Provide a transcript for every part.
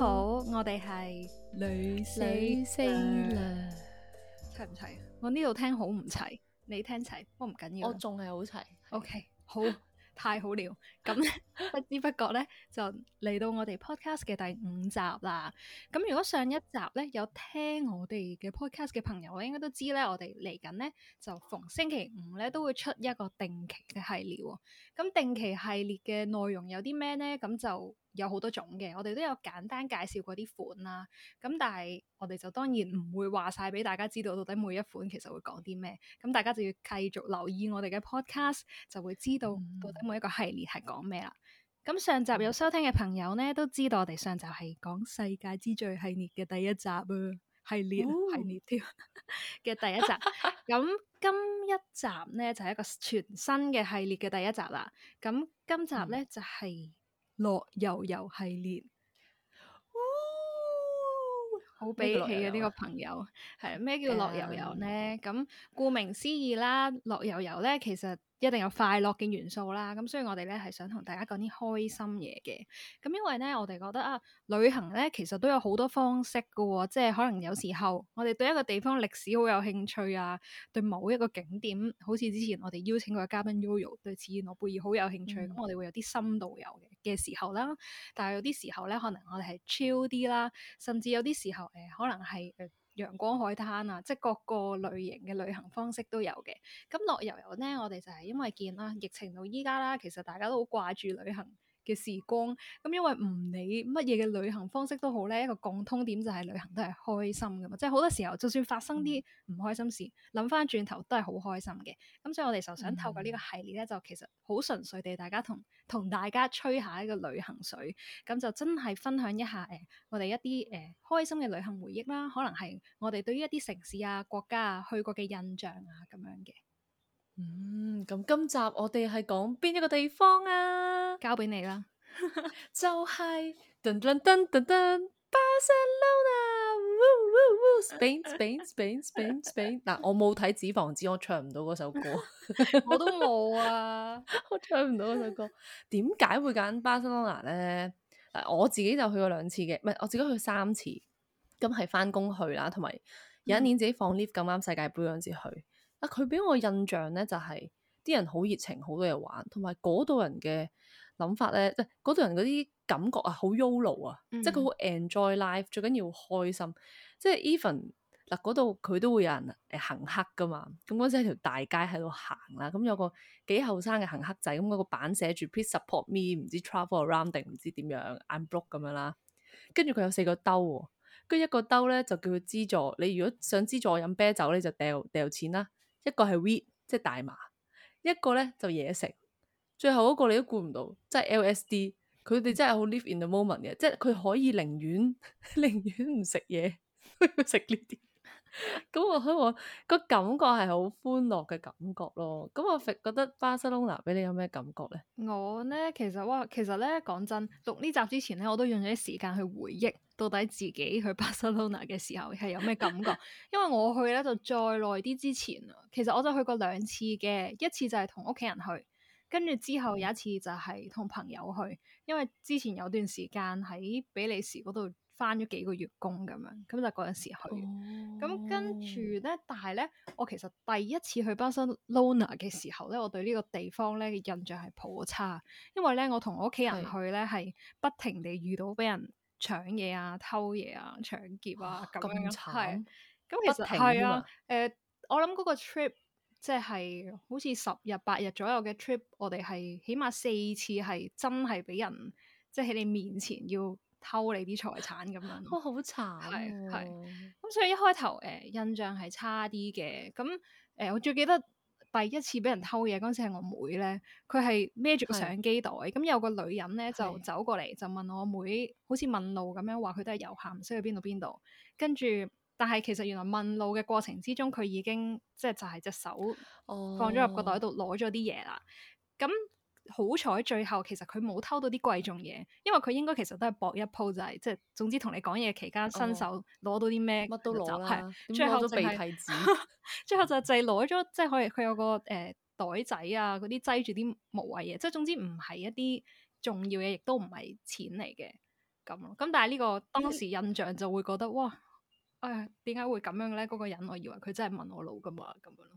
好，我哋係女女星啦，齊唔齊？我呢度聽好唔齊，你聽齊，不過我唔緊要。我仲係好齊。OK，好， 太好了。咁不知不覺咧，就嚟到我哋 podcast 嘅第五集啦。咁如果上一集咧有聽我哋嘅 podcast 嘅朋友，應該都知咧，我哋嚟緊咧就逢星期五咧都會出一個定期嘅系列。咁定期系列嘅內容有啲咩咧？咁就。有好多種嘅，我哋都有簡單介紹過啲款啦。咁但係我哋就當然唔會話晒俾大家知道到底每一款其實會講啲咩。咁大家就要繼續留意我哋嘅 podcast，就會知道到底每一個系列係講咩啦。咁、嗯、上集有收聽嘅朋友咧，都知道我哋上集係講世界之最系列嘅第一集啊，系列、哦、系列添！嘅第一集。咁今一集咧就係、是、一個全新嘅系列嘅第一集啦。咁今集咧就係、是。嗯樂悠遊系列，哦、好悲喜嘅呢個朋友，係咩叫樂悠遊呢？咁 Yeah. 顧名思義啦，樂悠遊咧其實。一定有快樂嘅元素啦，咁所以我哋咧係想同大家講啲開心嘢嘅。咁因為咧，我哋覺得啊，旅行咧其實都有好多方式噶喎、哦，即係可能有時候我哋對一個地方歷史好有興趣啊，對某一個景點，好似之前我哋邀請過嘅嘉賓 Yoyo 對切爾諾貝爾好有興趣，咁、嗯、我哋會有啲深度遊嘅嘅時候啦。但係有啲時候咧，可能我哋係 chill 啲啦，甚至有啲時候誒、呃，可能係。呃陽光海灘啊，即係各個類型嘅旅行方式都有嘅。咁樂悠遊咧，我哋就係因為見啦，疫情到依家啦，其實大家都好掛住旅行。嘅時光，咁因為唔理乜嘢嘅旅行方式都好咧，一個共通點就係旅行都係開心㗎嘛，即係好多時候就算發生啲唔開心事，諗返轉頭都係好開心嘅。咁所以，我哋就想透過呢個系列咧，嗯、就其實好純粹地，大家同同大家吹一下一個旅行水，咁就真係分享一下誒，我哋一啲誒、呃、開心嘅旅行回憶啦，可能係我哋對於一啲城市啊、國家啊去過嘅印象啊咁樣嘅。嗯，咁今集我哋係講邊一個地方啊？交俾你啦、就是，就係 噔噔噔噔噔 Barcelona，Woo Woo Woo Spain Spain Spain Spain Spain 嗱，我冇睇《紙房子》，我唱唔到嗰首歌， 我都冇啊，我唱唔到嗰首歌。點解會揀巴塞隆拿咧？嗱，我自己就去過兩次嘅，唔係我自己去過三次，咁係翻工去啦，同埋有一年自己放 leave 咁啱世界杯嗰陣時去。啊！佢俾我印象咧，就係、是、啲人好熱情，好多嘢玩，同埋嗰度人嘅諗法咧，即係嗰度人嗰啲感覺啊，好 yolo 啊，即係佢好 enjoy life，最緊要開心。即係 even 嗱，嗰度佢都會有人行乞㗎嘛，咁嗰陣喺條大街喺度行啦，咁有個幾後生嘅行乞仔，咁、那、嗰個板寫住 please support me，唔知 travel around 定唔知點樣，I'm broke 咁樣啦。跟住佢有四個兜，跟住一個兜咧就叫佢資助，你如果想資助我飲啤酒咧，你就掉掉錢啦。一個係 weed 即係大麻，一個咧就嘢食，最後一個你都估唔到，即係 LSD。佢哋真係好 live in the moment 嘅，即係佢可以寧願寧願唔食嘢都要食呢啲。咁 我開我個感覺係好歡樂嘅感覺咯。咁我 feel 覺得巴塞隆拿俾你有咩感覺咧？我咧其實哇，其實咧講真，錄呢集之前咧，我都用咗啲時間去回憶。到底自己去巴塞隆拿嘅時候係有咩感覺？ 因為我去咧就再耐啲之前啦，其實我就去過兩次嘅，一次就係同屋企人去，跟住之後有一次就係同朋友去，因為之前有段時間喺比利時嗰度返咗幾個月工咁樣，咁就嗰陣時去。咁跟住咧，但係咧，我其實第一次去巴塞隆拿嘅時候咧，我對呢個地方咧嘅印象係好差，因為咧我同我屋企人去咧係的不停地遇到俾人，搶嘢啊，偷嘢啊，搶劫啊，咁樣係，咁其實係啊，誒、呃，我諗嗰個 trip 即係好似十日八日左右嘅 trip，我哋係起碼四次係真係俾人即係喺你面前要偷你啲財產咁樣，哇、 哦，好慘、啊，係，咁所以一開頭誒、呃、印象係差啲嘅，咁誒、呃、我最記得。第一次俾人偷嘢嗰陣時係我妹咧，佢係孭住個相機袋，咁的有個女人咧的就走過嚟就問我妹，好似問路咁樣話佢都係遊客，唔知去邊度邊度，跟住但係其實原來問路嘅過程之中，佢已經即係就係隻手放咗入個袋度攞咗啲嘢啦，咁、哦。好彩最後其實佢冇偷到啲貴重嘢，因為佢應該其實都係搏一鋪，就係即係總之同你講嘢期間，伸、哦、手攞到啲咩？乜都攞啦，最後就係攞咗，即係可以佢有個誒袋仔啊，嗰啲擠住啲無謂嘢，即係總之唔係一啲重要嘢，亦都唔係錢嚟嘅咁咯。咁但係呢個當時印象就會覺得、嗯、哇，哎、呀，點解會咁樣咧？嗰、那個人我以為佢真係問我老噶嘛，咁樣咯。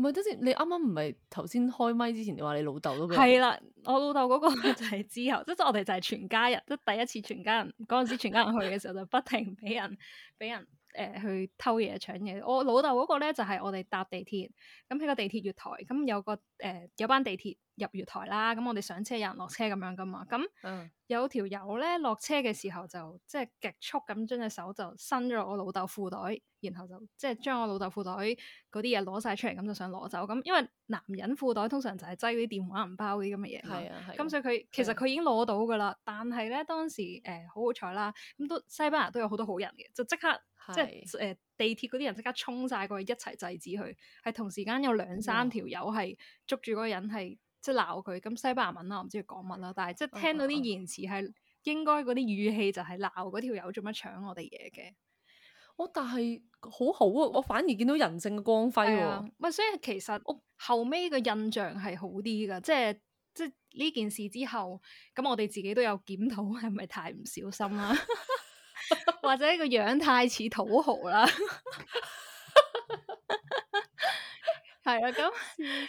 唔係，即係你啱啱唔係頭先開咪之前，你話你老豆都俾。係啦，我老豆嗰個就係之後， 即係我哋就係全家人，即係第一次全家人嗰陣時，全家人去嘅時候就不停俾人俾 人誒、呃、去偷嘢搶嘢。我老豆嗰個咧就係、是、我哋搭地鐵，咁喺個地鐵月台咁有個。誒、呃、有班地鐵入月台啦，咁我哋上車有人落車咁樣噶嘛，咁、嗯、有條友咧落車嘅時候就即係極速咁將隻手就伸咗我老豆褲袋，然後就即係將我老豆褲袋嗰啲嘢攞晒出嚟，咁就想攞走，咁因為男人褲袋通常就係擠啲電話、銀包啲咁嘅嘢，咁、啊啊、所以佢其實佢已經攞到噶、啊呃、啦，但係咧當時誒好好彩啦，咁都西班牙都有好多好人嘅，就即刻即係誒。地鐵嗰啲人即刻衝晒過去，一齊制止佢。係同時間有兩三條友係捉住嗰個人，個人，係即係鬧佢。咁西班牙文啦，我唔知佢講乜啦，但係即係聽到啲言辭係應該嗰啲語氣就係鬧嗰條友做乜搶我哋嘢嘅。我、哦、但係好好啊，我反而見到人性嘅光輝喎、啊。咪、啊、所以其實我後尾嘅印象係好啲㗎，即係即係呢件事之後，咁我哋自己都有檢討，係咪太唔小心啦、啊？ 或者個樣太似土豪啦，係啊， 咁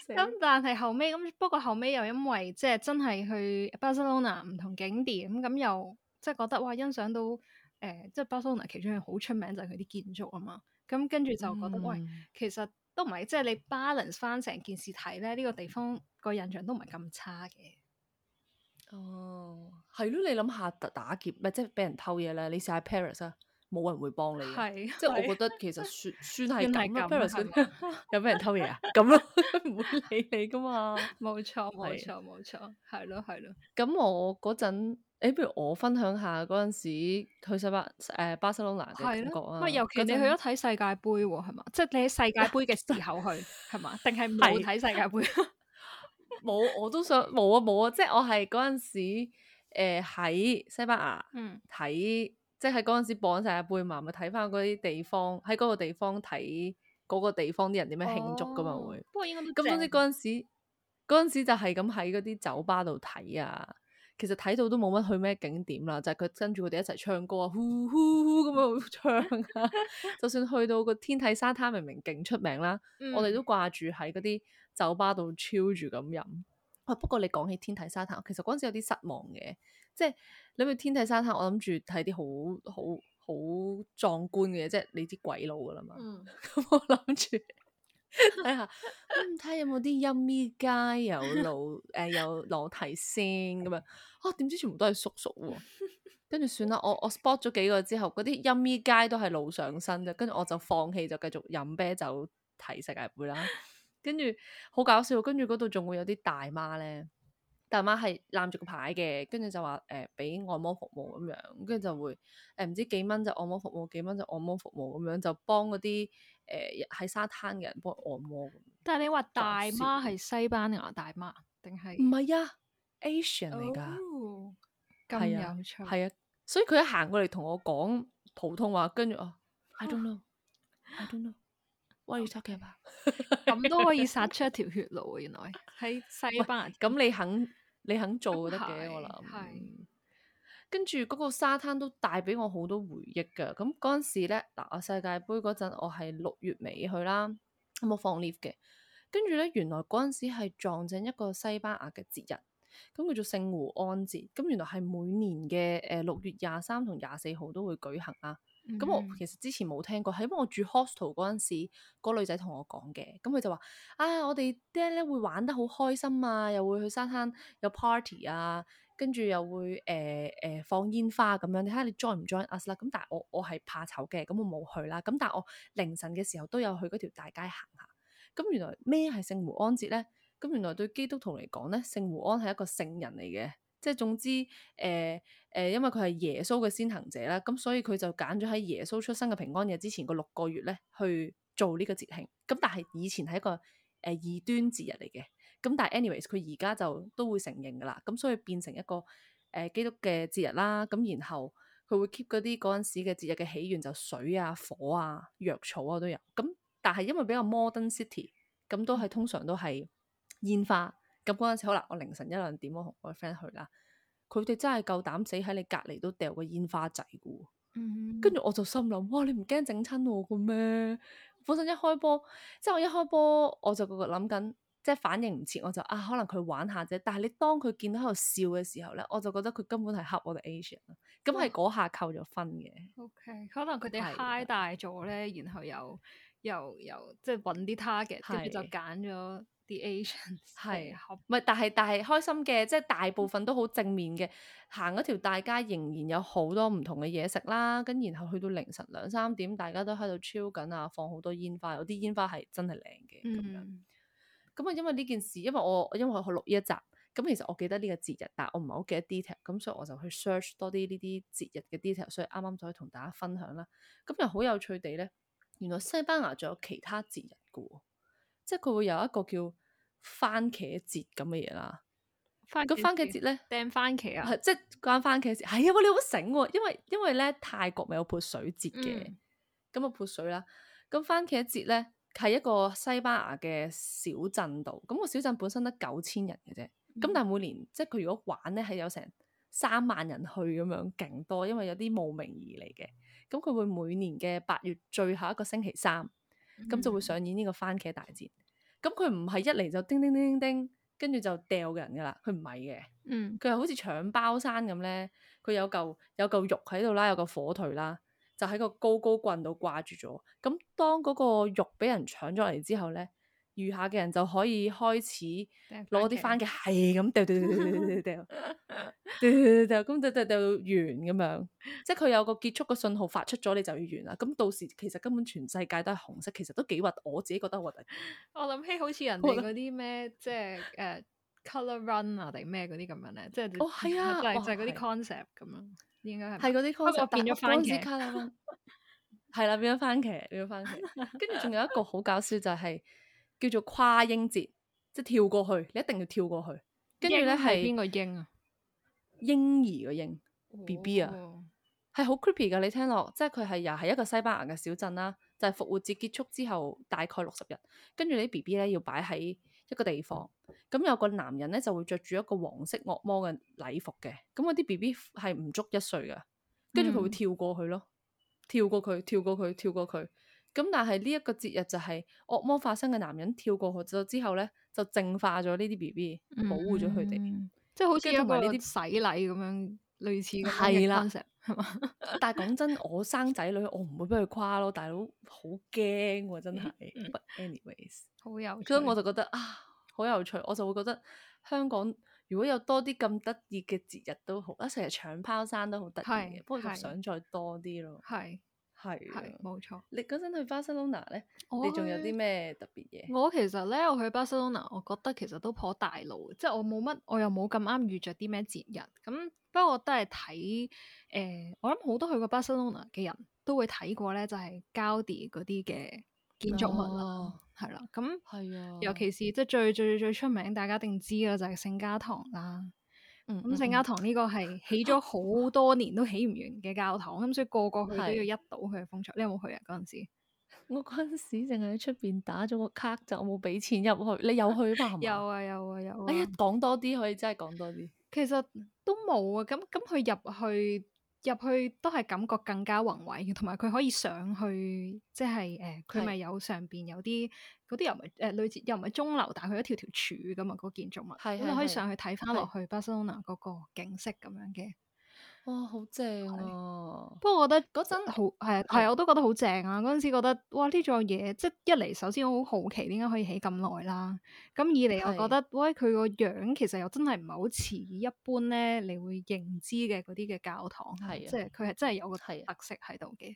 咁 但係後尾，咁，不過後尾又因為即真係去巴塞隆拿唔同景點咁，又即係覺得哇，欣賞到誒、呃，即係巴塞隆拿其中一個好出名就係佢啲建築啊嘛，咁跟住就覺得、嗯、喂，其實都唔係，即係你 balance 翻成件事睇咧，呢、這個地方個印象都唔係咁差嘅。哦，係咯、so，你諗下打劫，咪即係俾人偷嘢咧？你試下 Paris 啊，冇人會幫你，即係我覺得其實算算係咁啦，有俾人偷嘢啊，咁咯，唔會理你噶嘛，冇錯冇錯冇錯，係咯係咯。咁我嗰陣，誒，不如我分享下嗰陣時去西班牙誒巴塞隆拿嘅感覺啊。咪尤其你去咗睇世界盃喎，係嘛？即係你喺世界盃嘅時候去，係嘛？定係冇睇世界盃？冇，我都想冇啊冇啊，即係我係嗰陣時，誒、呃、喺西班牙睇，嗯、即係嗰陣時綁晒背麻咪睇翻嗰啲地方，喺嗰個地方睇嗰個地方啲人點樣慶祝㗎嘛、哦、會，咁總之嗰陣時，嗰陣時，時就係咁喺嗰啲酒吧度睇啊，其實睇到都冇乜去咩景點啦，就係、是、佢跟住佢哋一齊唱歌啊，呼呼呼咁樣唱啊， 就算去到個天體沙灘明明勁出名啦，嗯、我哋都掛住喺嗰啲。酒吧度超住咁飲、啊，不過你講起天體沙灘，其實嗰陣時有啲失望嘅，即係你去天體沙灘，我諗住睇啲好好好壯觀嘅，即係你知鬼佬噶啦嘛，咁、嗯、 我諗住睇下睇、嗯、有冇啲 yummy guy，有老誒，有裸體先咁樣，啊點知全部都係叔叔，跟住算啦，我我 spot 咗幾個之後，嗰啲 yummy guy 都係露上身嘅。跟住我就放棄，就繼續飲啤酒睇世界杯啦。跟住好搞笑，跟住嗰度仲會有啲大媽咧，大媽係攬住個牌嘅，跟住就話誒俾按摩服務咁樣，跟住就會誒唔、呃、知幾蚊就按摩服務，幾蚊就按摩服務咁樣，就幫嗰啲誒喺沙灘嘅人幫佢按摩咁樣。但係你話大媽係西班牙大媽定係？唔係啊，Asian 嚟㗎，咁、oh, 有趣。係啊，啊，所以佢一行過嚟同我講普通話，跟住啊，I don't know，I don't know。Oh, 咁都喂 可以殺出一條血路喎！原來喺西班牙，咁你肯 你肯做得嘅，我諗。係。跟住嗰個沙灘都帶俾我好多回憶嘅。咁嗰陣時咧，嗱，我世界盃嗰陣，我係六月尾去啦，冇放 leave 嘅。跟住咧，原來嗰陣時係撞正一個西班牙嘅節日，咁叫做聖胡安節。咁原來係每年嘅誒六月廿三同廿四號都會舉行啊。咁我、嗯、其實我之前冇聽過，係因為我住 hostel 嗰陣時，嗰個女仔同我講嘅，咁佢就話：啊、哎，我哋啲咧會玩得好開心啊，又會去沙灘有 party 啊，跟住又會誒誒、呃呃、放煙花咁樣，睇下你 join 唔 join us 啦。咁但係我我係怕醜嘅，咁我冇去啦。咁但係我凌晨嘅時候都有去嗰條大街行下。咁原來咩係聖胡安節咧？咁原來對基督徒嚟講咧，聖胡安係一個聖人嚟嘅。即係總之，誒、呃、誒、呃，因為佢係耶穌嘅先行者啦，咁所以佢就揀咗喺耶穌出生嘅平安日之前嗰六個月咧去做呢個節慶。咁但係以前係一個誒、呃、異端節日嚟嘅，咁但係 anyways 佢而家就都會承認㗎啦，咁所以變成一個誒、呃、基督嘅節日啦。咁然後佢會 keep 嗰啲嗰陣時嘅節日嘅起源就水啊、火啊、藥草啊都有。咁但係因為比較 modern city，咁都係通常都係煙花。咁嗰陣時，好啦，我凌晨一兩點，我同我嘅 friend 去啦，佢哋真係夠膽死喺你隔離都掉個煙花仔嘅喎，跟住、嗯、哼我就心諗，哇，你唔驚整親我嘅咩？本身一開波，即係我一開波，我就個個諗緊，即係反應唔切，我就啊，可能佢玩下啫。但係你當佢見到喺度笑嘅時候咧，我就覺得佢、啊、根本係恰我哋 Asian 啦。咁係嗰下扣咗分嘅。O、okay, K，可能佢哋 high 大咗咧，的然後又。又又即係搵啲 target，跟住是就揀咗啲 Asians 係唔係？但係但係開心嘅，即係大部分都好正面嘅。行嗰條大街仍然有好多唔同嘅嘢食啦，跟然後去到凌晨兩三點，大家都喺度超緊啊，放好多煙花，有啲煙花係真係靚嘅咁樣。咁、嗯、啊，因為呢件事，因為我因為我錄呢一集，咁其實我記得呢個節日，但我唔係好記得 detail，咁所以我就去 search 多啲呢啲節日嘅 detail，所以啱啱可以同大家分享啦。咁又好有趣地咧。原來西班牙仲有其他節日㗎喎，即係佢會有一個叫番茄節咁嘅嘢啦。咁番茄節咧，掟番，番茄啊，即係關番茄節。係、哎、啊，喂你好醒喎、哦，因為因為咧泰國咪有潑水節嘅，咁啊、嗯、潑水啦。咁番茄節咧係一個西班牙嘅小鎮度，咁、那個小鎮本身得九千人嘅啫，咁、嗯、但係每年即係佢如果玩咧係有成三萬人去咁樣勁多，因為有啲慕名而嚟嘅。咁佢會每年嘅八月最後一個星期三，咁、嗯、就會上演呢個番茄大戰。咁佢唔係一嚟就叮叮叮叮叮，跟住就掉人噶啦，佢唔係嘅。嗯，佢係好似搶包山咁咧，佢有嚿有嚿肉喺度啦，有嚿火腿啦，就喺個高高棍度掛住咗。咁當嗰個肉俾人搶咗嚟之後咧。餘下嘅人就可以開始攞啲番茄係咁掉掉掉掉掉掉掉掉掉掉掉，咁就就就完咁樣，即係佢有個結束嘅信號發出咗，你就要完啦。咁到時其實根本全世界都係紅色，其實都幾核，我自己覺得核。我諗起好似人哋嗰啲咩，即係誒 colour run 啊，定咩嗰啲咁樣咧？即係哦係啊，就係就係嗰啲 concept 咁樣，應該係係嗰啲 concept。我變咗番茄，係啦變咗番茄，變咗番茄。跟住仲有一個好搞笑就係。叫做跨英節，即係跳過去，你一定要跳過去。跟住咧係邊個嬰啊？嬰兒個嬰，B B 啊，係好 creepy 噶。你聽落，即係佢係又係一個西班牙嘅小鎮啦。就係、是、復活節結束之後，大概六十日，跟住你啲 B B 咧要擺喺一個地方。咁有個男人咧就會着住一個黃色惡魔嘅禮服嘅。咁嗰啲 B B 係唔足一歲噶，跟住佢會跳過去咯，嗯，跳過去，跳過去，跳過去，跳過去。咁但係呢一個節日就係惡魔化身嘅男人跳過去咗之後咧，就淨化咗呢啲 B B，保護咗佢哋，即係好似同埋呢啲洗禮咁樣，類似咁。係啦，但係講真，我生仔女我唔會俾佢誇咯，大佬好驚喎真係。But anyways，好有趣，所以我就覺得啊，好有趣，我就會覺得香港如果有多啲咁得意嘅節日都好，啊成日搶包山都好得意嘅，不過想再多啲咯。係。係，係冇錯。錯你嗰陣去巴塞隆拿咧，去你仲有啲咩特別嘢？我其實咧，我去巴塞隆拿，我覺得其實都頗大路，即、就、係、是、我冇乜，我又冇咁啱遇着啲咩節日。咁不過我都係睇誒，我諗好多去過巴塞隆拿嘅人都會睇過咧，就係、是、g 地嗰啲嘅建築物咯，係啦。咁、哦，係啊，啊啊尤其是即係、就是、最最最最出名，大家一定知嘅就係聖家堂啦。咁聖、嗯、家堂呢個係起咗好多年都起唔完嘅教堂，咁、啊嗯、所以個個去都要一睹佢嘅風采。是你有冇去啊？嗰陣時，我嗰陣時淨係喺出邊打咗個卡就冇俾錢入去。你去 有去啊？有啊有啊有。哎呀，講多啲可以真係講多啲。其實都冇啊，咁咁佢入去。入去都係感覺更加宏偉，同埋佢可以上去，即係誒，佢、呃、咪有上邊有啲嗰啲又唔係誒類似又唔係鐘樓，但係佢一條條柱咁啊、個建築物，咁你可以上去睇翻落去巴塞隆拿嗰個景色咁樣嘅。哇、哦，好正啊！不過我覺得嗰陣、嗯、好係係，我都覺得好正啊！嗰陣時覺得哇，呢座嘢即係一嚟，首先我好好奇點解可以起咁耐啦？咁二嚟我覺得，的喂，佢個樣其實又真係唔係好似一般咧，你會認知嘅嗰啲嘅教堂，的即係佢係真係有個特色喺度嘅。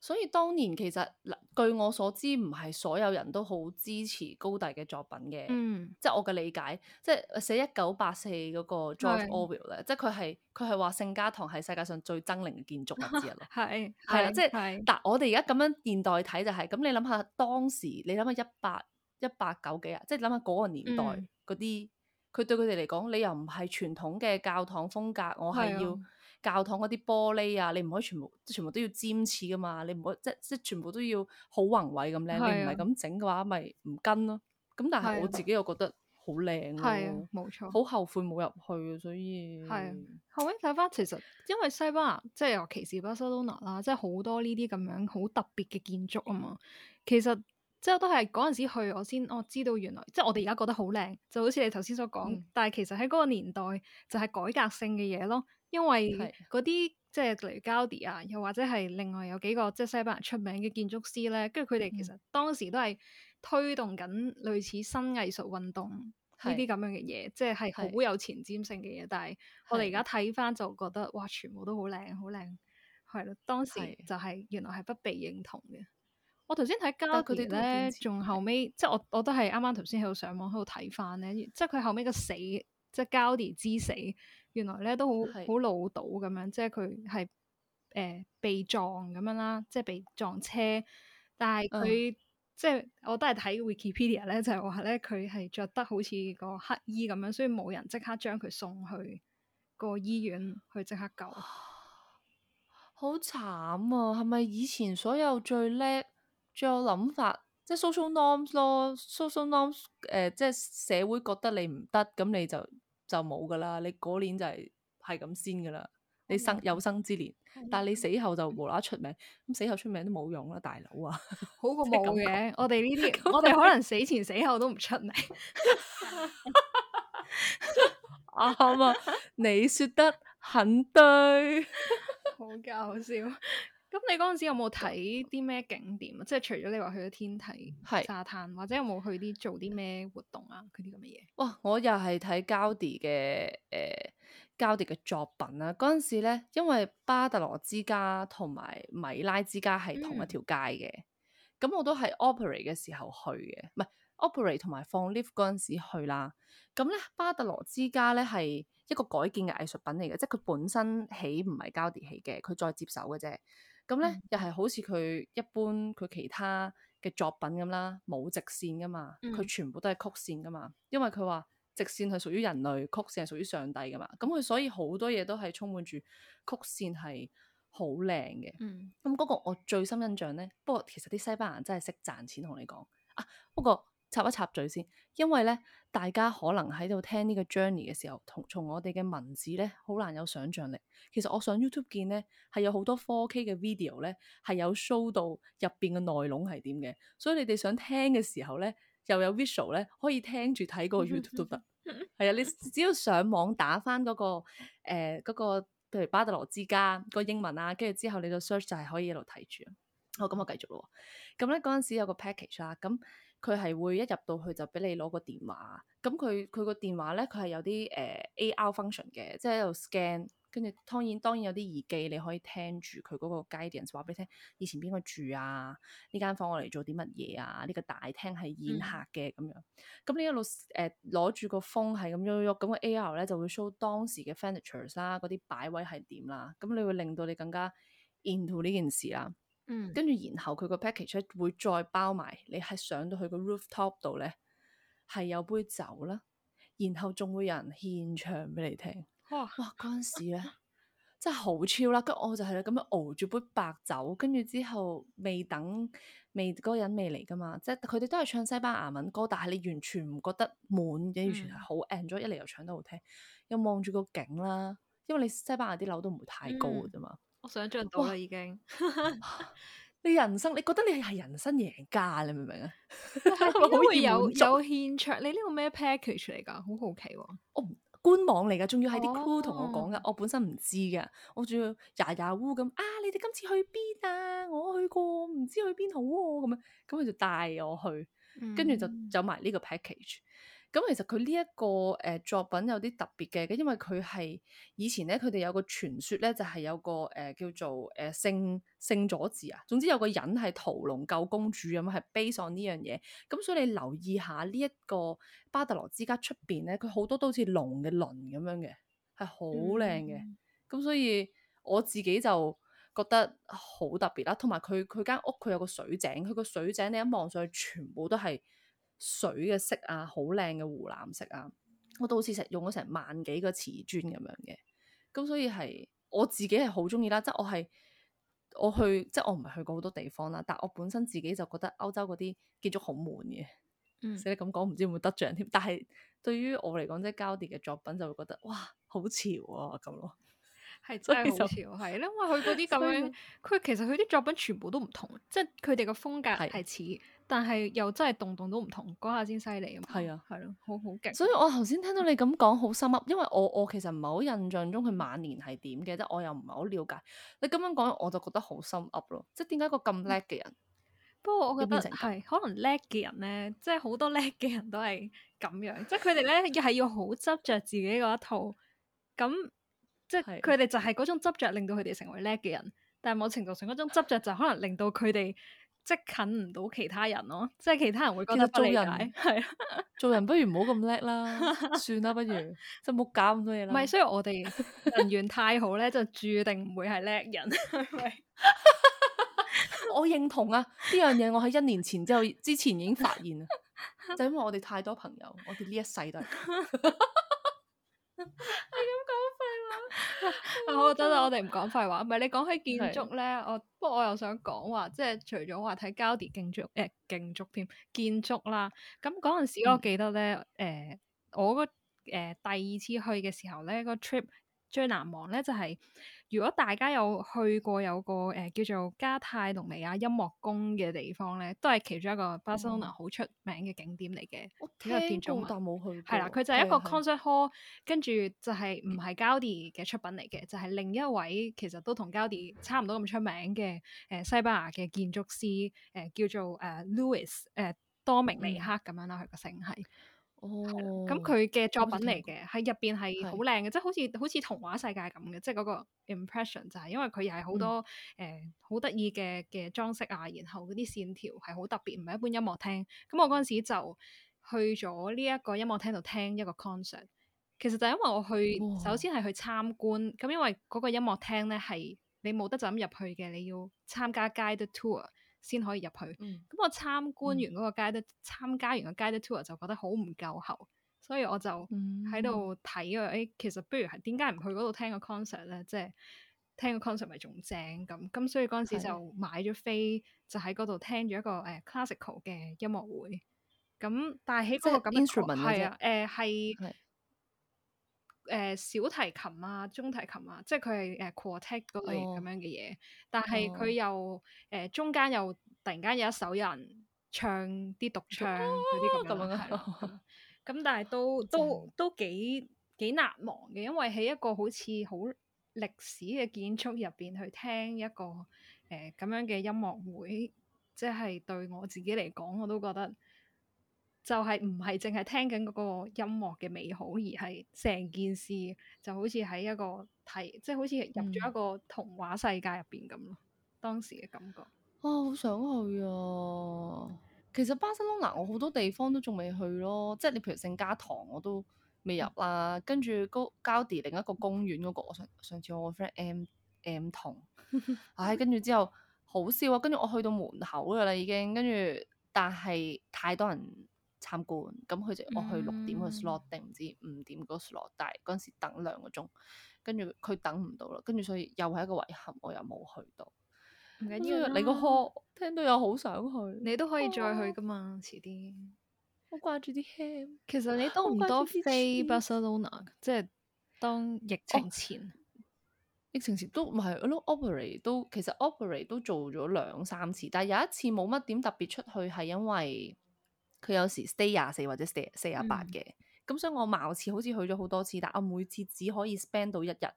所以當年其實嗱，據我所知唔係所有人都好支持高第嘅作品嘅，嗯、即係我嘅理解，即係寫一九八四嗰個 George 咧，Orwell，即係佢係佢係話聖家堂係世界上最猙獰嘅建築物之一咯，係係啦，是是即係是但係我哋而家咁樣現代睇就係、是，咁你諗下當時，你諗下一八一八九幾啊，即係諗下嗰個年代嗰啲，佢、嗯、對佢哋嚟講，你又唔係傳統嘅教堂風格，我係要。教堂嗰啲玻璃啊，你唔可以全部全部都要尖刺噶嘛，你唔可以即即全部都要好宏偉咁靚，你唔係咁整嘅話，咪唔跟咯。咁但係我自己又覺得好靚，係冇錯啊，好後悔冇入去啊，所以係後尾睇翻其實，因為西班牙即係尤其是巴塞隆拿啦，即係好多呢啲咁樣好特別嘅建築啊嘛，其實。即係都係嗰陣時去，我先我知道原來，即係我哋而家覺得好靚，就好似你頭先所講。嗯、但係其實喺嗰個年代，就係、是、改革性嘅嘢咯。因為嗰啲的即係例如 Gaudi 啊，又或者係另外有幾個即係西班牙出名嘅建築師咧，跟住佢哋其實當時都係推動緊類似新藝術運動呢啲咁樣嘅嘢，即係好有前瞻性嘅嘢。的但係我哋而家睇翻就覺得，哇，全部都好靚，好靚，係咯。當時就係、是、的原來係不被認同嘅。我頭先睇 Gaudi 佢哋咧，仲後尾即係我我都係啱啱頭先喺度上網喺度睇翻咧，即係佢後尾個死，即係 Gaudi 之死，原來咧都好好是老到咁樣，即係佢係誒被撞咁樣啦，即係被撞車，但係佢、嗯、即係我都係睇 Wikipedia 咧，就係話咧佢係着得好似個乞衣咁樣，所以冇人即刻將佢送去個醫院去即刻救。 好慘啊！係咪以前所有最叻？仲有諗法，即係 social norms 咯，social norms，誒、呃，即係社會覺得你唔得，咁你就就冇噶啦，你嗰年就係係咁先噶啦，你生有生之年，Okay. 但係你死後就無啦出名，咁死後出名都冇用啦，大佬啊，好過冇嘅， 我哋呢啲， 我哋可能死前 死後都唔出名，啱 啊， 你説得很對， 好搞笑。咁你嗰陣時有冇睇啲咩景點啊？哦、即係除咗你話去咗天體是沙灘，或者有冇去啲做啲咩活動啊？佢啲咁嘅嘢？哇！我又係睇 Gaudi 嘅誒，Gaudi 嘅作品啊。嗰陣時咧，因為巴特羅之家同埋米拉之家係同一條街嘅，咁、嗯、我都係 operate 嘅時候去嘅，唔係 operate 同埋放 lift 嗰陣時去啦。咁咧，巴特羅之家咧係一個改建嘅藝術品嚟嘅，即係佢本身起唔係 Gaudi 起嘅，佢再接手嘅啫。咁咧，呢嗯、又係好似佢一般，佢其他嘅作品咁啦，冇直線噶嘛，佢、嗯、全部都係曲線噶嘛。因為佢話直線係屬於人類，曲線係屬於上帝噶嘛。咁佢所以好多嘢都係充滿住曲線，係好靚嘅。咁嗰個我最深印象咧，不過其實啲西班牙人真係識賺錢，同你講啊，不過。插一插嘴先，因為咧，大家可能喺度聽呢個 journey 嘅時候，同從我哋嘅文字咧，好難有想象力。其實我上 YouTube 見咧，係有好多 4K 嘅 video 咧，係有 show 到入邊嘅內容係點嘅。所以你哋想聽嘅時候咧，又有 visual 咧，可以聽住睇個 YouTube 得係啊。 你只要上網打翻嗰、嗰個誒嗰、呃嗰個，譬如巴特羅之家個英文啊，跟住之後你再 search 就係可以一路睇住。好，咁我繼續咯。咁咧嗰陣時有個 package 啦、啊，咁。佢係會一入到去就俾你攞個電話，咁佢佢個電話咧，佢係有啲誒、uh, A.R. function 嘅，即係喺度 scan，跟住當然當然有啲耳機你可以聽住佢嗰個 guidance 話俾你聽，以前邊個住啊？呢、這個、間房我嚟做啲乜嘢啊？呢、這個大廳係宴客嘅咁、嗯、樣，咁你一路誒攞住個風係咁喐喐咁個 A.R. 咧就會 show 當時嘅 furniture 啦，嗰啲擺位係點啦，咁你會令到你更加 into 呢件事啦。跟住、嗯、然後佢個 package 會再包埋，你係上到去個 rooftop 度咧，係有杯酒啦，然後仲會有人獻唱俾你聽。啊、哇！哇！嗰陣時咧，真係好超啦。跟我就係咁樣熬住杯白酒，跟住之後未等未嗰、嗰個人未嚟噶嘛，即係佢哋都係唱西班牙文歌，但係你完全唔覺得悶嘅，完全係好 enjoy。一嚟又唱得好聽，又望住個景啦，因為你西班牙啲樓都唔會太高嘅啫嘛。嗯我想像到啦，已經哇。 你人生，你覺得你係人生贏家，你明唔明啊？會有有現場？你呢個咩 package 嚟噶？好好奇喎。哦，官網嚟噶，仲要喺啲 crew 同我講噶。哦、我本身唔知嘅，我仲要呀呀嗚咁。啊，你哋今次去邊啊？我去過，唔知去邊好咁、啊、樣。咁佢就帶我去，跟住、嗯、就走埋呢個 package。咁其實佢呢一個誒、呃、作品有啲特別嘅，因為佢係以前咧，佢哋有個傳說咧，就係、是、有個誒、呃、叫做誒、呃、聖聖佐治啊，總之有個人係屠龍救公主咁，係 base on 呢樣嘢。咁所以你留意下呢一、這個巴特羅之家出邊咧，佢好多都好似龍嘅鱗咁樣嘅，係好靚嘅。咁、嗯嗯、所以我自己就覺得好特別啦。同埋佢佢間屋佢有個水井，佢個水井你一望上去全部都係。水嘅色啊，好靚嘅湖藍色啊，我都好似成用咗成萬幾個瓷磚咁樣嘅，咁所以係我自己係好中意啦，即係我係我去即係我唔係去過好多地方啦，但我本身自己就覺得歐洲嗰啲建築好悶嘅，嗯，所以咁講唔知會唔會得罪人添，但係對於我嚟講，即係 Gaudi 嘅作品就會覺得哇好潮啊咁咯。係真係好潮，係，因為佢嗰啲咁樣，佢以其實佢啲作品全部都唔同，即係佢哋個風格係似，的但係又真係動動都唔同，嗰下先犀利啊！係啊的，係咯，好好勁。所以我頭先聽到你咁講，好 心噏，因為我我其實唔係好印象中佢晚年係點嘅，即我又唔係好了解。你咁樣講，我就覺得好心噏咯，即係點解個咁叻嘅人，嗯，不過我覺得係可能叻嘅人咧，即係好多叻嘅人都係咁樣，即係佢哋咧係要好執着自己嗰一套咁。即係佢哋就係嗰種執着，令到佢哋成為叻嘅人。但係某程度上，嗰種執着就可能令到佢哋即近唔到其他人咯。即係其他人會覺得做人係啊，是的 做人不如唔好咁叻啦， 算啦，不如就冇搞咁多嘢啦。唔係，所以我哋人緣太好呢，就注定唔會係叻人。係咪？ 我認同啊，呢樣嘢我喺一年前之後之前已經發現啦，就是、因為我哋太多朋友，我哋呢一世都係。係咁講法。啊， 好得啦！ 我哋唔講廢話，唔係你講起建築咧，的我不過我又想講話，即係除咗話睇 Gaudi 建築，誒、欸，建築添建築啦。咁嗰陣時，我記得咧，誒、嗯呃，我、那個誒、呃、第二次去嘅時候咧，個 trip 最難忘咧就係、是。如果大家有去過有個誒、呃、叫做加泰隆尼亞音樂宮嘅地方咧，都係其中一個巴塞隆拿好出名嘅景點嚟嘅。聽過但冇去。係啦，佢就係一個 concert hall，的跟住就係唔係 Gaudi 嘅出品嚟嘅，就係、是、另一位其實都同 Gaudi 差唔多咁出名嘅誒、呃、西班牙嘅建築師誒、呃、叫做誒、呃、Louis 誒、呃、多明尼克咁樣啦，佢個、嗯、姓係。哦，咁佢嘅作品嚟嘅，喺入邊係好靚像嘅，的即係好似好似童話世界咁嘅，即係嗰個 impression 就係、是，因為佢又係好多誒好得意嘅嘅裝飾啊，然後嗰啲線條係好特別，唔係一般音樂廳。咁我嗰陣時就去咗呢一個音樂廳度聽一個 concert，其實就係因為我去、哦，首先係去參觀，咁因為嗰個音樂廳咧係你冇得就咁入去嘅，你要參加 guide tour。先可以入去，咁、嗯、我參觀完嗰個 guide、嗯、參加完個 guided tour 就覺得好唔夠喉，所以我就喺度睇啊！誒、嗯嗯欸，其實不如係點解唔去嗰度聽個 concert 咧？即、就、係、是、聽個 concert 咪仲正咁咁，所以嗰陣時就買咗飛，是就喺嗰度聽咗一個誒、uh, classical 嘅音樂會。咁但係喺嗰個咁嘅係啊誒係。已誒、呃、小提琴啊，中提琴啊，即係佢係誒 quartet 嗰類咁樣嘅嘢，oh, 但係佢又誒、oh. 呃、中間又突然間有一首有人唱啲獨唱嗰啲咁樣係、啊，咁對 但係都 都都幾幾難忘嘅，因為喺一個好似好歷史嘅建築入邊去聽一個誒咁、呃、樣嘅音樂會，即、就、係、是、對我自己嚟講，我都覺得。就係唔係淨係聽緊嗰個音樂嘅美好，而係成件事就好似喺一個睇，即係好似入咗一個童話世界入邊咁咯。嗯、當時嘅感覺，啊好、哦、想去啊！其實巴塞隆拿我好多地方都仲未去咯，即係你譬如聖家堂我都未入啦，嗯、跟住高、高迪另一個公園嗰、那個，我上上次我個 friend M M 同，唉、 哎、跟住之後好笑啊！跟住我去到門口噶啦已經，跟住但係太多人。參觀咁佢、嗯、就我去六點個 slot，定唔知五點嗰個 slot，但係嗰陣時等兩個鐘，跟住佢等唔到啦，跟住所以又係一個遺憾，我又冇去到。唔緊要，你個 call 聽到又好想去，你都可以再去噶嘛。遲啲、哦、我掛住啲 ham。其實你多唔多飛巴塞隆拿？嗯、 即係當疫情前，哦、疫情前都唔係我諗 operate 都其實 operate 都做咗兩三次，但係有一次冇乜點特別出去係因為。佢有時 stay 廿四或者 stay 四十八嘅，咁、嗯、所以我貌似好似去咗好多次，但我每次只可以 spend 到一日，誒、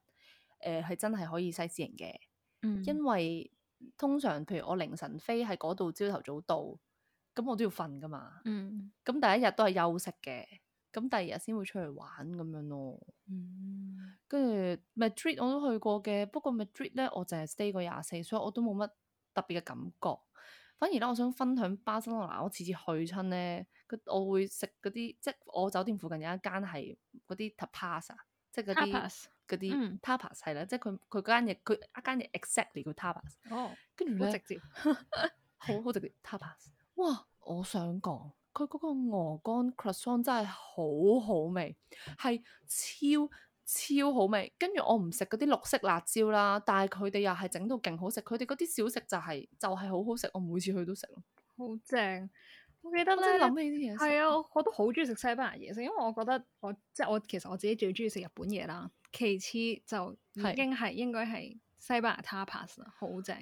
呃、係真係可以西事型嘅，嗯、因為通常譬如我凌晨飛喺嗰度，朝頭早到，咁我都要瞓噶嘛，咁、嗯、第一日都係休息嘅，咁第二日先會出去玩咁樣咯，跟住、嗯、Madrid 我都去過嘅，不過 Madrid 咧我淨係 stay 過廿四，所以我都冇乜特別嘅感覺。反而咧，我想分享巴塞羅那。我次次去親咧，佢我會食嗰啲，即係我酒店附近有一間係嗰啲 tapas 啊，即係嗰啲嗰啲 tapas 係啦，即係佢佢間嘢佢一間嘢 exactly 叫 tapas，跟住唔好直接，好 好直接 tapas。哇！我想講佢嗰個鵝肝 croissant 真係好好味，係超～超好味，跟住我唔食嗰啲綠色辣椒啦，但係佢哋又係整到勁好食。佢哋嗰啲小食就係、是、就係、是、好好食，我每次去都食。好正，我記得咧，諗起啲嘢。係啊，我都好中意食西班牙嘢食，因為我覺得我即係我，即我其實我自己最中意食日本嘢啦。其次就已經係是應該係西班牙 tapas 啦，好正。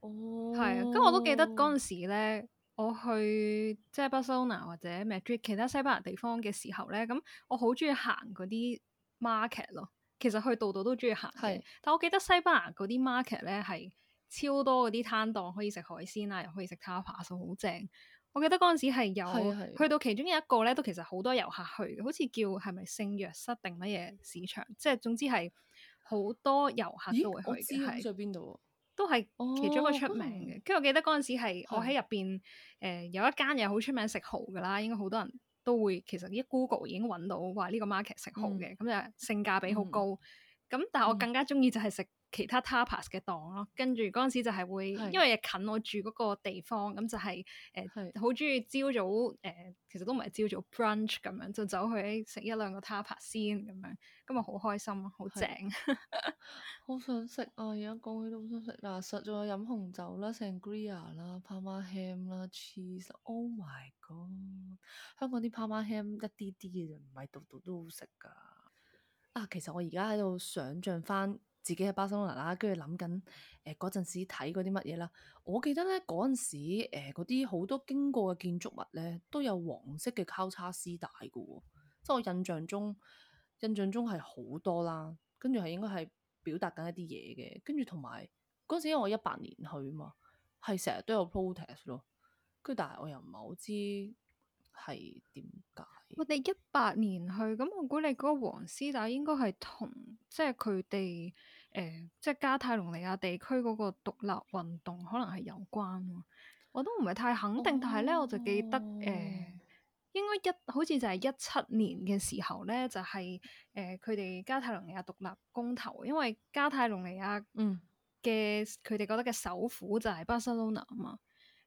哦、係、啊。咁我都記得嗰陣時咧，我去即係 Barcelona 或者咩其他西班牙地方嘅時候咧，咁我好中意行嗰啲。market 咯，其實去度度都中意行嘅。是但我記得西班牙嗰啲 market 咧，係超多嗰啲攤檔可以食海鮮啊，又可以食 tapas，好正。我記得嗰陣時係有是是去到其中有一個咧，都其實好多遊客去嘅，好似叫係咪聖約瑟定乜嘢市場？即係總之係好多遊客咦都會去嘅。係邊度啊？都係其中一個出名嘅。跟住、哦、我記得嗰陣時係的我喺入邊誒有一間嘢好出名食蠔㗎啦，應該好多人。都會其實啲 Google 已經揾到話呢、這個 market 食好嘅，咁就、嗯、性價比好高。咁、嗯、但係我更加鍾意就係食。其他 tapas 嘅檔咯，跟住嗰陣時就係會，是因為近我住嗰個地方，咁就係誒好中意朝早誒、呃，其實都唔係朝早 brunch 咁樣，就走去食一兩個 tapas 先咁樣，樣，今日好開心，好正，是 好想食啊！而家講起都好想食啦、啊，實仲有飲紅酒啦、啊，Sangria 啦，p 帕馬 ham 啦、啊，cheese，oh、啊、my god！香港啲 p 帕馬 ham 一啲啲嘅就唔係度度都好食㗎。啊，其實我而家喺度想像返。自己喺巴塞隆拿啦，跟住諗緊誒嗰陣時睇過啲乜嘢啦？我記得咧嗰陣時嗰啲好多經過嘅建築物咧，都有黃色嘅交叉絲帶㗎喎，即係我印象中印象中係好多啦，跟住係應該係表達緊一啲嘢嘅，跟住同埋嗰陣時因為我一八年去啊嘛，係成日都有 protest 咯，跟住但係我又唔係好知係點解。我哋一八年去，咁我估你嗰個黃絲帶應該係同即係佢哋誒，即係、呃、加泰隆尼亞地區嗰個獨立運動可能係有關喎。我都唔係太肯定，哦、但係咧我就記得誒、呃，應該一好似就係一七年嘅時候咧，就係誒佢哋加泰隆尼亞獨立公投，因為加泰隆尼亞嘅佢哋覺得嘅首府就係巴塞隆拿嘛。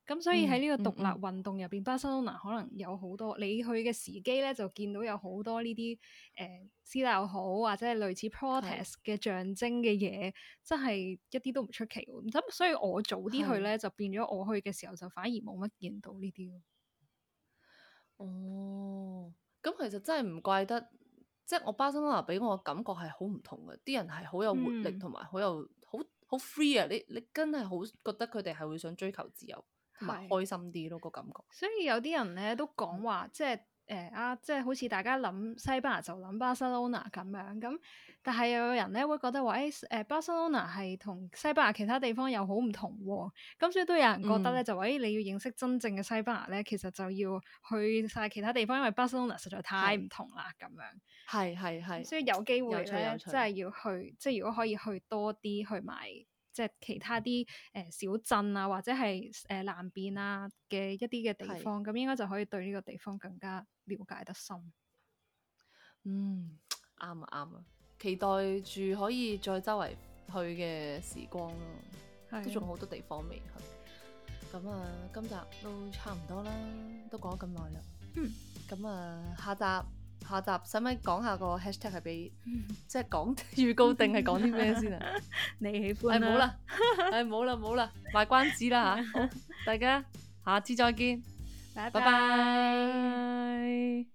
咁所以喺呢個獨立運動入邊，嗯嗯、巴塞隆拿可能有好多你去嘅時機咧，就見到有多、呃、好多呢啲誒師大又好或者係類似 protest 嘅象徵嘅嘢，的真係一啲都唔出奇。咁所以我早啲去咧，就變咗我去嘅時候就反而冇乜見到呢啲。哦，咁其實真係唔怪得，即、就、係、是、我巴塞隆拿俾我感覺係好唔同嘅，啲人係好有活力，同埋好有好好 free 啊！你你真係好覺得佢哋係會想追求自由。同埋是開心啲咯，個感覺。所以有啲人咧都講話，即係誒啊，即係好似大家諗西班牙就諗巴塞隆拿咁樣。咁但係又有人咧會覺得話，誒、欸、誒巴塞隆拿係同西班牙其他地方又好唔同喎、啊。咁所以都有人覺得咧，嗯、就話唉，你要認識真正嘅西班牙咧，其實就要去晒其他地方，因為巴塞隆拿實在太唔同啦咁樣。係係係。所以有機會咧，即係要去，即係如果可以去多啲去埋。即係其他啲誒、呃、小鎮啊，或者係誒、呃、南邊啊嘅一啲嘅地方，咁是應該就可以對呢個地方更加瞭解得深。嗯，啱啊啱啊，期待住可以再周圍去嘅時光咯，是都仲好多地方未去。咁啊，今集都差唔多啦，都講咗咁耐啦。咁、嗯、啊，下集。下集使唔使講下個 hashtag 係俾，嗯、即係講 預告定係講啲咩先啊？ 你喜歡啊、哎？冇啦，誒冇啦冇啦，賣關子啦嚇、啊 哦！大家下次再見，拜拜。